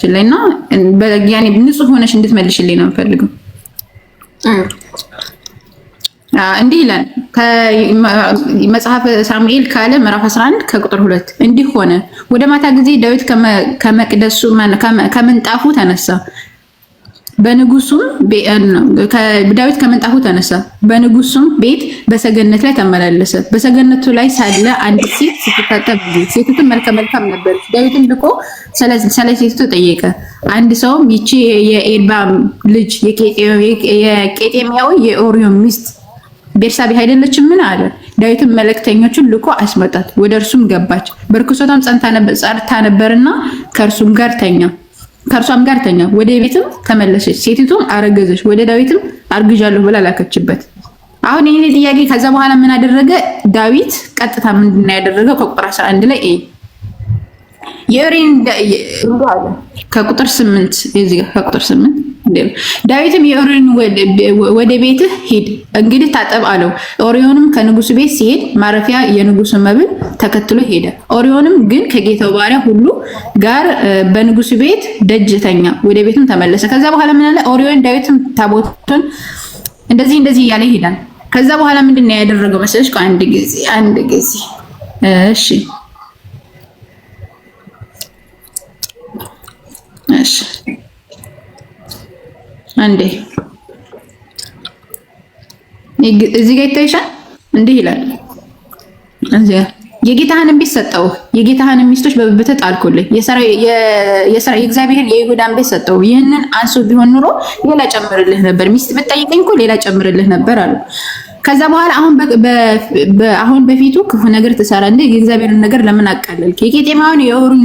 ችን ላይ እና ያኔ ንጹህ ሆነሽ እንድትመልሽልኝ ነው የምፈልገው። እንዲህ ይላል መጽሐፍ ሳሙኤል ካለ ምዕራፍ 11 ከቁጥር ሁለት እንዲህ ሆነ ወደ ማታ ጊዜ ዳዊት ከመቅደሱ ከምንጣፉ ተነሳ፣ በንጉሱም ዳዊት ከመንጣፉ ተነሳ፣ በንጉሱም ቤት በሰገነት ላይ ተመላለሰ። በሰገነቱ ላይ ሳለ አንድ ሴት ስትታጠብ፣ ሴቲቱም መልከ መልካም ነበረች። ዳዊትን ልቆ ስለ ሴቲቱ ጠየቀ። አንድ ሰውም ይቺ የኤልባ ልጅ የቄጤሚያዊ የኦሪዮ ሚስት ቤርሳቤህ አይደለችም? ምን አለ። ዳዊትም መልእክተኞቹን ልኮ አስመጣት፣ ወደ እርሱም ገባች። በርክሶታም ጸንታ ነበርና ከእርሱም ጋር ተኛ። ከእርሷም ጋር ተኛ። ወደ ቤትም ተመለሰች። ሴቲቱም አረገዘች፣ ወደ ዳዊትም አርግዣለሁ ብላ ላከችበት። አሁን ይህ ጥያቄ ከዛ በኋላ ምን አደረገ ዳዊት? ቀጥታ ምንድን ነው ያደረገው? ከቁጥር 11 ላይ የሬን ከቁጥር 8 ከቁጥር 8 ዳዊትም የኦሪዮን ወደ ቤትህ ሂድ እንግዲህ ታጠብ አለው። ኦሪዮንም ከንጉሱ ቤት ሲሄድ ማረፊያ የንጉሱ መብል ተከትሎ ሄደ። ኦሪዮንም ግን ከጌታው ባሪያ ሁሉ ጋር በንጉሱ ቤት ደጅተኛ ወደ ቤትም ተመለሰ። ከዛ በኋላ ምን አለ? ኦሪዮን ዳዊትም ታቦቱን እንደዚህ እንደዚህ እያለ ይሄዳል። ከዛ በኋላ ምንድን ነው ያደረገው መሰለሽ? አንድ ጊዜ አንድ ጊዜ እሺ እንዴ እዚህ ጋር ይታይሻል። እንዲህ ይላል እዚያ የጌታህን ቤት ሰጠው፣ የጌታህን ሚስቶች በብብትህ ጣልኩልህ፣ የእግዚአብሔር የይሁዳን ቤት ሰጠው። ይህንን አንሶ ቢሆን ኑሮ ሌላ ጨምርልህ ነበር። ሚስት ብትጠይቀኝ እኮ ሌላ ጨምርልህ ነበር አሉ። ከዛ በኋላ አሁን አሁን በፊቱ ክፉ ነገር ትሰራ እንደ የእግዚአብሔርን ነገር ለምን አቃለልክ? የቄጤማውን የኦሩን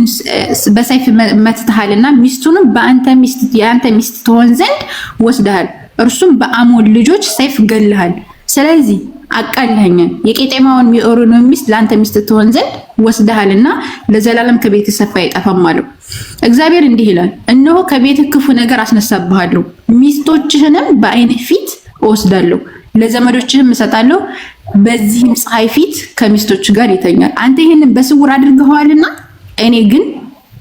በሰይፍ መትተሃልና ሚስቱንም በአንተ ሚስት የአንተ ሚስት ትሆን ዘንድ ወስደሃል። እርሱም በአሞን ልጆች ሰይፍ ገልሃል። ስለዚህ አቃልኸኛል። የቄጤማውን የኦሩን ሚስት ለአንተ ሚስት ትሆን ዘንድ ወስደሃልና ለዘላለም ከቤተሰብ አይጠፋም አለው። እግዚአብሔር እንዲህ ይላል፣ እነሆ ከቤት ክፉ ነገር አስነሳብሃለሁ፣ ሚስቶችህንም በአይን ፊት እወስዳለሁ ለዘመዶችህም እሰጣለሁ። በዚህም ፀሐይ ፊት ከሚስቶች ጋር ይተኛል። አንተ ይህንን በስውር አድርገኸዋልና እኔ ግን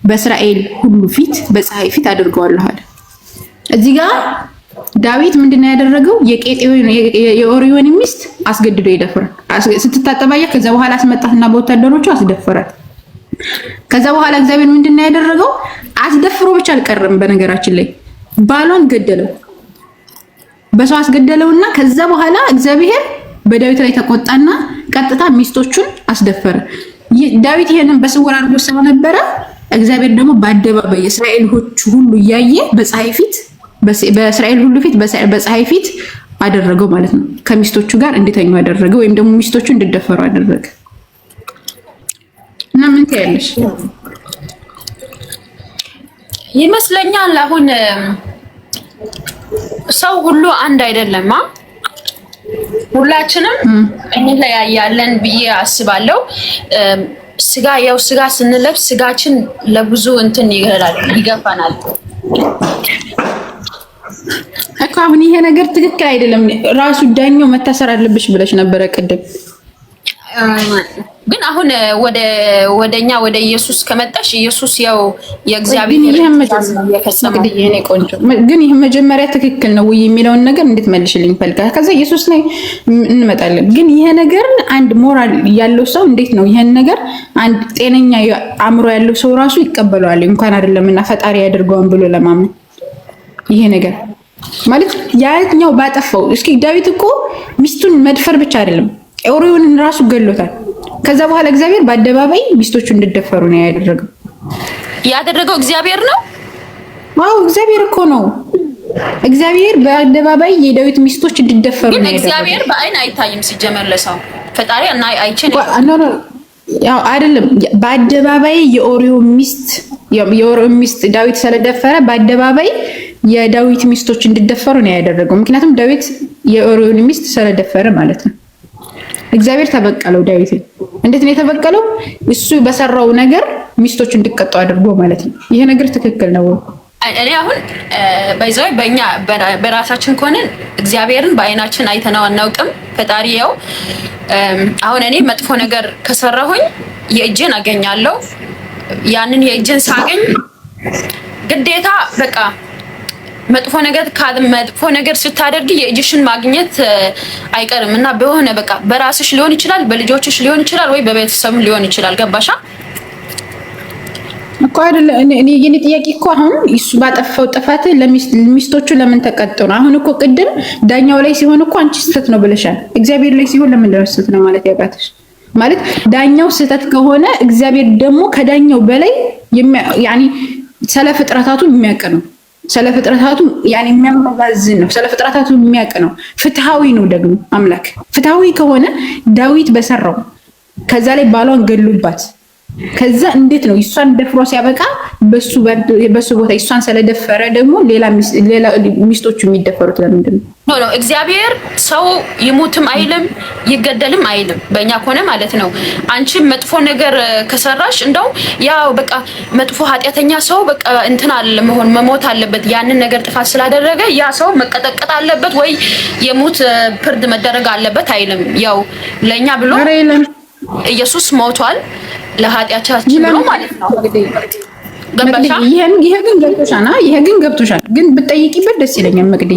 በእስራኤል ሁሉ ፊት በፀሐይ ፊት አድርገዋለኋል። እዚህ ጋር ዳዊት ምንድነው ያደረገው? የኦሪዮን ሚስት አስገድዶ ይደፍራል። ስትታጠባያ ከዛ በኋላ አስመጣትና በወታደሮቹ አስደፈራት። ከዛ በኋላ እግዚአብሔር ምንድነው ያደረገው? አስደፍሮ ብቻ አልቀረም። በነገራችን ላይ ባሏን ገደለው። በሰው አስገደለውና ከዛ በኋላ እግዚአብሔር በዳዊት ላይ ተቆጣና ቀጥታ ሚስቶቹን አስደፈረ። ዳዊት ይሄንን በስውር አድርጎ ስለነበረ እግዚአብሔር ደግሞ በአደባባይ የእስራኤል ሁሉ እያየ በፀሐይ ፊት በእስራኤል ሁሉ ፊት በፀሐይ ፊት አደረገው ማለት ነው። ከሚስቶቹ ጋር እንዲተኙ አደረገ፣ ወይም ደግሞ ሚስቶቹ እንዲደፈሩ አደረገ። እና ምን ትያለሽ? ይመስለኛል አሁን ሰው ሁሉ አንድ አይደለም። ሁላችንም እንለያያለን ብዬ አስባለሁ። ስጋ ያው ስጋ ስንለብስ ስጋችን ለብዙ እንትን ይገላል ይገፋናል እኮ አሁን ይሄ ነገር ትክክል አይደለም። ራሱ ዳኛው መታሰር አለብሽ ብለሽ ነበረ ቅድም ግን አሁን ወደ ወደኛ ወደ ኢየሱስ ከመጣሽ ኢየሱስ ያው የእግዚአብሔር ቆንጆ ግን ይህ መጀመሪያ ትክክል ነው ወይ የሚለውን ነገር እንዴት መልሽልኝ ፈልጋ ከዛ ኢየሱስ ላይ እንመጣለን። ግን ይሄ ነገር አንድ ሞራል ያለው ሰው እንዴት ነው ይሄን ነገር አንድ ጤነኛ አእምሮ ያለው ሰው ራሱ ይቀበለዋል እንኳን አይደለም እና ፈጣሪ ያደርገውን ብሎ ለማመን ይሄ ነገር ማለት ያኛው ባጠፋው እስኪ ዳዊት እኮ ሚስቱን መድፈር ብቻ አይደለም ኦሪዮንን ራሱ ገሎታል። ከዛ በኋላ እግዚአብሔር በአደባባይ ሚስቶቹ እንድደፈሩ ነው ያደረገው። ያደረገው እግዚአብሔር ነው። አዎ እግዚአብሔር እኮ ነው። እግዚአብሔር በአደባባይ የዳዊት ሚስቶች እንድደፈሩ ነው እግዚአብሔር በአይን አይታይም ሲጀመር ለሰው ፈጣሪ እና አይችልም። ያው አይደለም በአደባባይ የኦሪዮ ሚስት የኦሪዮ ሚስት ዳዊት ስለደፈረ በአደባባይ የዳዊት ሚስቶች እንድደፈሩ ነው ያደረገው። ምክንያቱም ዳዊት የኦሪዮን ሚስት ስለደፈረ ማለት ነው። እግዚአብሔር ተበቀለው ዳዊትን። እንዴት ነው የተበቀለው? እሱ በሰራው ነገር ሚስቶች እንዲቀጡ አድርጎ ማለት ነው። ይሄ ነገር ትክክል ነው። እኔ አሁን በዛው በእኛ በራሳችን ከሆነን እግዚአብሔርን በአይናችን አይተነው አናውቅም። ፈጣሪ ያው አሁን እኔ መጥፎ ነገር ከሰራሁኝ የእጄን አገኛለሁ። ያንን የእጄን ሳገኝ ግዴታ በቃ መጥፎ ነገር መጥፎ ነገር ስታደርግ የእጅሽን ማግኘት አይቀርም እና በሆነ በቃ በራስሽ ሊሆን ይችላል፣ በልጆችሽ ሊሆን ይችላል፣ ወይ በቤተሰብ ሊሆን ይችላል። ገባሻ እኮ አይደለም። የኔ ጥያቄ እኮ አሁን እሱ ባጠፋው ጥፋት ሚስቶቹ ለምን ተቀጡ ነው? አሁን እኮ ቅድም ዳኛው ላይ ሲሆን እኮ አንቺ ስህተት ነው ብለሻል። እግዚአብሔር ላይ ሲሆን ለምን ደረስ ስህተት ነው ማለት ያቃተሽ? ማለት ዳኛው ስህተት ከሆነ እግዚአብሔር ደግሞ ከዳኛው በላይ ሰለ ፍጥረታቱ የሚያውቅ ነው። ስለ ፍጥረታቱ ያን የሚያመዛዝን ነው። ስለ ፍጥረታቱ የሚያውቅ ነው። ፍትሃዊ ነው ደግሞ አምላክ። ፍትሃዊ ከሆነ ዳዊት በሰራው ከዛ ላይ ባሏን ገሉባት ከዛ እንዴት ነው እሷን ደፍሮ ሲያበቃ በሱ ቦታ እሷን ስለደፈረ ደግሞ ሌላ ሚስቶቹ የሚደፈሩት ለምንድን ነው ነው? እግዚአብሔር ሰው ይሙትም አይልም ይገደልም አይልም። በእኛ ከሆነ ማለት ነው። አንቺም መጥፎ ነገር ከሰራሽ እንደው ያው በቃ መጥፎ ኃጢአተኛ ሰው በቃ እንትን አለ መሆን መሞት አለበት። ያንን ነገር ጥፋት ስላደረገ ያ ሰው መቀጠቀጥ አለበት ወይ የሙት ፍርድ መደረግ አለበት አይልም። ያው ለእኛ ብሎ ኢየሱስ ሞቷል። ለኃጢአታችን ነው ማለት ነው። ይሄ ግን ገብቶሻል፣ ግን ብትጠይቂበት ደስ ይለኛል መቅደኝ